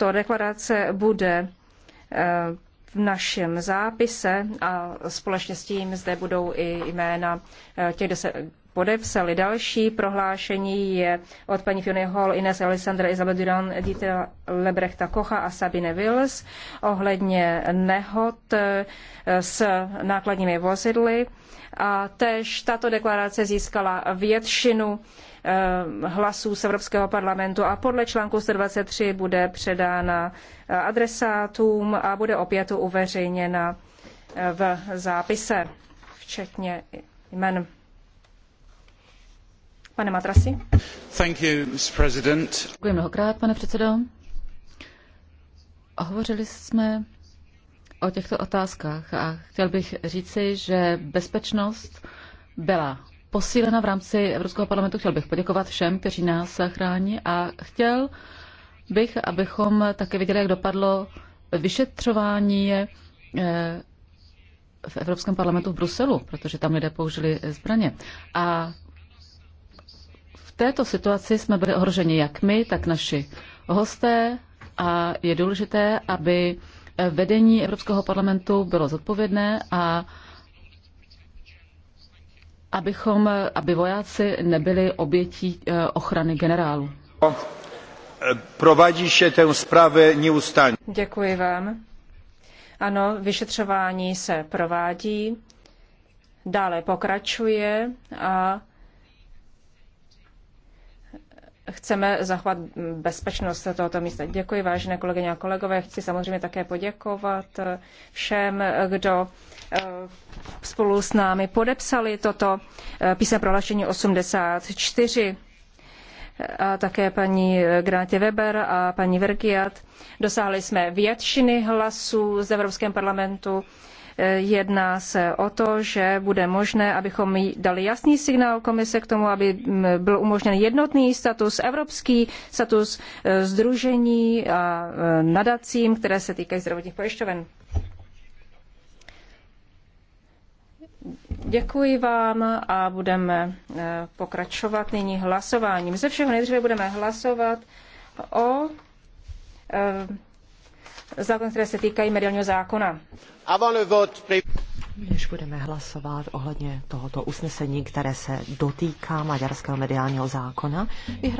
tato deklarace bude eh, v našem zápise a společně s tím zde budou i jména eh, těch deset, podepsali. Další prohlášení je od paní Fiona Hall, Ines Alessandra, Isabel Duran, Edith Lebrechta Kocha a Sabine Wills ohledně nehod eh, s nákladními vozidly. A též tato deklarace získala většinu eh, hlasů z Evropského parlamentu a podle článku 123 bude předána eh, adresátům a bude opět uveřejněna v zápise, včetně jmen. Pane Matrasi. Děkuji mnohokrát, pane předsedo. Hovořili jsme o těchto otázkách a chtěl bych říci, že bezpečnost byla posílena v rámci Evropského parlamentu. Chtěl bych poděkovat všem, kteří nás chrání a chtěl bych, abychom také viděli, jak dopadlo vyšetřování eh, v Evropském parlamentu v Bruselu, protože tam lidé použili zbraně. A této situaci jsme byli ohroženi jak my, tak naši hosté a je důležité, aby vedení Evropského parlamentu bylo zodpovědné a abychom, aby vojáci nebyli obětí eh, ochrany generálu. Provádí se tę zprávě neustále. Děkuji vám. Ano, vyšetřování se provádí, dále pokračuje a chceme zachovat bezpečnost tohoto místa. Děkuji, vážené kolegyně a kolegové. Chci samozřejmě také poděkovat všem, kdo eh, spolu s námi podepsali toto eh, písemné prohlášení 84 a také paní Granatě Weber a paní Vergiat. Dosáhli jsme většiny hlasů z Evropském parlamentu Jedná se o to, že bude možné, abychom dali jasný signál komise k tomu, aby byl umožněn jednotný status, evropský status združení e, a e, nadacím, které se týkají zdravotních pojišťoven. Děkuji vám a budeme e, pokračovat nyní hlasováním. Ze všeho nejdříve budeme hlasovat o zákon, které se týkají mediálního zákona. Než budeme hlasovat ohledně tohoto usnesení, které se dotýká maďarského mediálního zákona, vyhrá